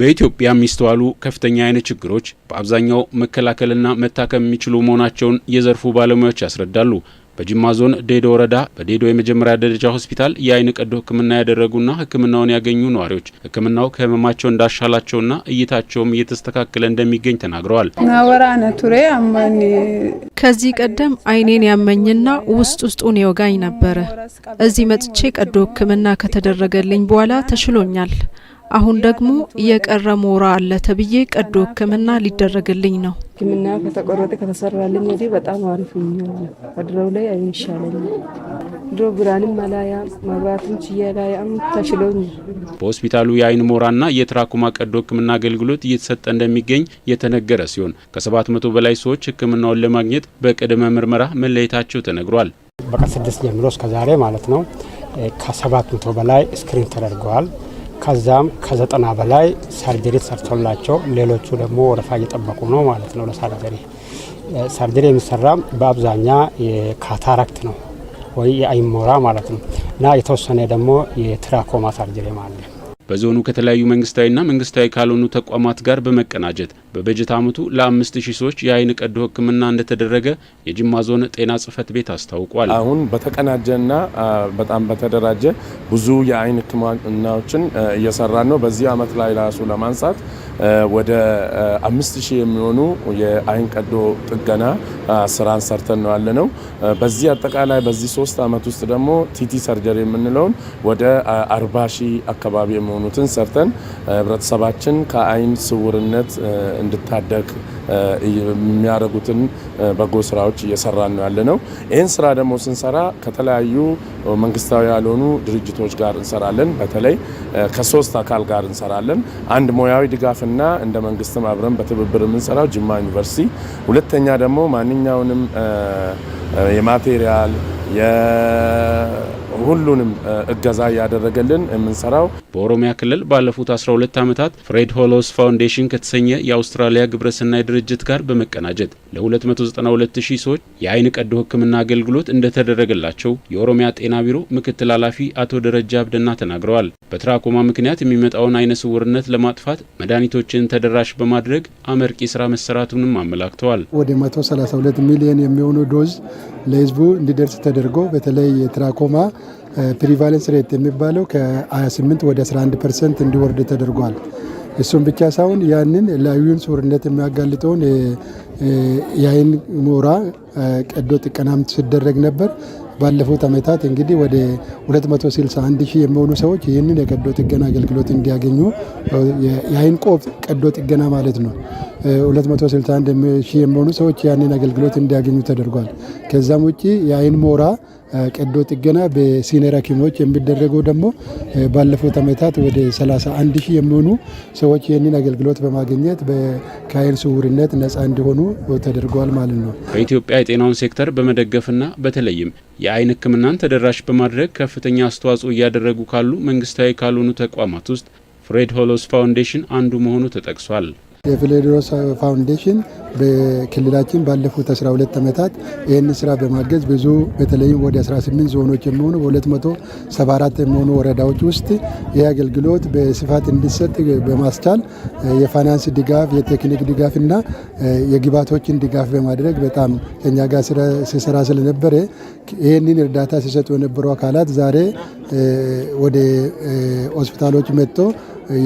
በኢትዮጵያ የሚስተዋሉ ከፍተኛ የዓይን ችግሮች በአብዛኛው መከላከልና መታከም የሚችሉ መሆናቸውን የዘርፉ ባለሙያዎች ያስረዳሉ። በጅማ ዞን ዴዶ ወረዳ በዴዶ የመጀመሪያ ደረጃ ሆስፒታል የአይን ቀዶ ሕክምና ያደረጉና ሕክምናውን ያገኙ ነዋሪዎች ሕክምናው ከህመማቸው እንዳሻላቸውና እይታቸውም እየተስተካከለ እንደሚገኝ ተናግረዋል። ከዚህ ቀደም አይኔን ያመኝና ውስጥ ውስጡን የወጋኝ ነበረ። እዚህ መጥቼ ቀዶ ሕክምና ከተደረገልኝ በኋላ ተሽሎኛል። አሁን ደግሞ የቀረ ሞራ አለ ተብዬ ቀዶ ሕክምና ሊደረግልኝ ነው። ሕክምና ከተቆረጠ ከተሰራልኝ ወዲህ በጣም አሪፍ ሆኛለሁ። ከድሮው ላይ አይሻለኝ። ድሮ ብራንም መላያ መብራትም ችያላያም ተሽሎኛል። በሆስፒታሉ የአይን ሞራና የትራኩማ ቀዶ ሕክምና አገልግሎት እየተሰጠ እንደሚገኝ የተነገረ ሲሆን ከሰባት መቶ በላይ ሰዎች ሕክምናውን ለማግኘት በቅድመ ምርመራ መለየታቸው ተነግሯል። በቀን ስድስት ጀምሮ እስከዛሬ ማለት ነው ከሰባት መቶ በላይ ስክሪን ተደርገዋል። ከዛም ከዘጠና በላይ ሰርጀሪ ተሰርቶላቸው ሌሎቹ ደግሞ ወረፋ እየጠበቁ ነው ማለት ነው ለሰርጀሪ ሰርጀሪ የሚሰራም በአብዛኛ የካታራክት ነው ወይ የአይሞራ ማለት ነው እና የተወሰነ ደግሞ የትራኮማ ሰርጀሪ ማለት በዞኑ ከተለያዩ መንግስታዊና መንግስታዊ ካልሆኑ ተቋማት ጋር በመቀናጀት በበጀት ዓመቱ ለአምስት ሺህ ሰዎች የአይን ቀዶ ሕክምና እንደተደረገ የጅማ ዞን ጤና ጽህፈት ቤት አስታውቋል። አሁን በተቀናጀና በጣም በተደራጀ ብዙ የአይን ሕክምናዎችን እየሰራን ነው። በዚህ ዓመት ላይ ራሱ ለማንሳት ወደ አምስት ሺህ የሚሆኑ የአይን ቀዶ ጥገና ስራን ሰርተን ነው ያለ ነው። በዚህ አጠቃላይ በዚህ ሶስት ዓመት ውስጥ ደግሞ ቲቲ ሰርጀሪ የምንለውን ወደ አርባ ሺህ አካባቢ የሚሆኑ የሆኑትን ሰርተን ህብረተሰባችን ከአይን ስውርነት እንድታደግ የሚያደርጉትን በጎ ስራዎች እየሰራ ነው ያለ ነው። ይህን ስራ ደግሞ ስንሰራ ከተለያዩ መንግስታዊ ያልሆኑ ድርጅቶች ጋር እንሰራለን። በተለይ ከሶስት አካል ጋር እንሰራለን። አንድ ሙያዊ ድጋፍና እንደ መንግስትም አብረን በትብብር የምንሰራው ጅማ ዩኒቨርሲቲ፣ ሁለተኛ ደግሞ ማንኛውንም የማቴሪያል ሁሉንም እገዛ እያደረገልን የምንሰራው በኦሮሚያ ክልል ባለፉት 12 ዓመታት ፍሬድ ሆሎስ ፋውንዴሽን ከተሰኘ የአውስትራሊያ ግብረሰናይ ድርጅት ጋር በመቀናጀት ለ 292000 ሰዎች የአይን ቀዶ ህክምና አገልግሎት እንደተደረገላቸው የኦሮሚያ ጤና ቢሮ ምክትል ኃላፊ አቶ ደረጃ አብደና ተናግረዋል። በትራኮማ ምክንያት የሚመጣውን አይነ ስውርነት ለማጥፋት መድኃኒቶችን ተደራሽ በማድረግ አመርቂ ስራ መሰራቱንም አመላክተዋል። ወደ 132 ሚሊዮን የሚሆኑ ዶዝ ለህዝቡ እንዲደርስ ተደርጎ በተለይ የትራኮማ ፕሪቫለንስ ሬት የሚባለው ከ28 ወደ 11 ፐርሰንት እንዲወርድ ተደርጓል። እሱም ብቻ ሳይሆን ያንን ላዩን ሱርነት የሚያጋልጠውን የአይን ሞራ ቀዶ ጥገናም ሲደረግ ነበር። ባለፉት ዓመታት እንግዲህ ወደ 261 ሺህ የሚሆኑ ሰዎች ይህንን የቀዶ ጥገና አገልግሎት እንዲያገኙ የአይን ቆብ ቀዶ ጥገና ማለት ነው። 261 ሺህ የሚሆኑ ሰዎች ያንን አገልግሎት እንዲያገኙ ተደርጓል። ከዛም ውጭ የአይን ሞራ ቀዶ ጥገና በሲኒየር ሐኪሞች የሚደረገው ደግሞ ባለፉት ዓመታት ወደ 31 ሺህ የሚሆኑ ሰዎች ይህንን አገልግሎት በማግኘት ከዓይነ ስውርነት ነፃ እንዲሆኑ ተደርጓል ማለት ነው። በኢትዮጵያ የጤናውን ሴክተር በመደገፍና በተለይም የአይን ሕክምናን ተደራሽ በማድረግ ከፍተኛ አስተዋጽኦ እያደረጉ ካሉ መንግስታዊ ካልሆኑ ተቋማት ውስጥ ፍሬድ ሆሎስ ፋውንዴሽን አንዱ መሆኑ ተጠቅሷል። የፊሌሮስ ፋውንዴሽን በክልላችን ባለፉት 12 ዓመታት ይህን ስራ በማገዝ ብዙ በተለይም ወደ 18 ዞኖች የሚሆኑ በ274 የሚሆኑ ወረዳዎች ውስጥ ይህ አገልግሎት በስፋት እንዲሰጥ በማስቻል የፋይናንስ ድጋፍ፣ የቴክኒክ ድጋፍ እና የግብዓቶችን ድጋፍ በማድረግ በጣም ከኛ ጋር ሲሰራ ስለነበረ ይህንን እርዳታ ሲሰጡ የነበሩ አካላት ዛሬ ወደ ሆስፒታሎች መጥቶ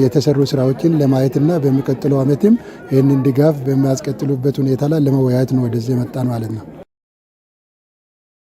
የተሰሩ ስራዎችን ለማየትና በሚቀጥለው ዓመትም ይህንን ድጋፍ በሚያስቀጥሉበት ሁኔታ ላይ ለመወያየት ነው ወደዚህ የመጣን ማለት ነው።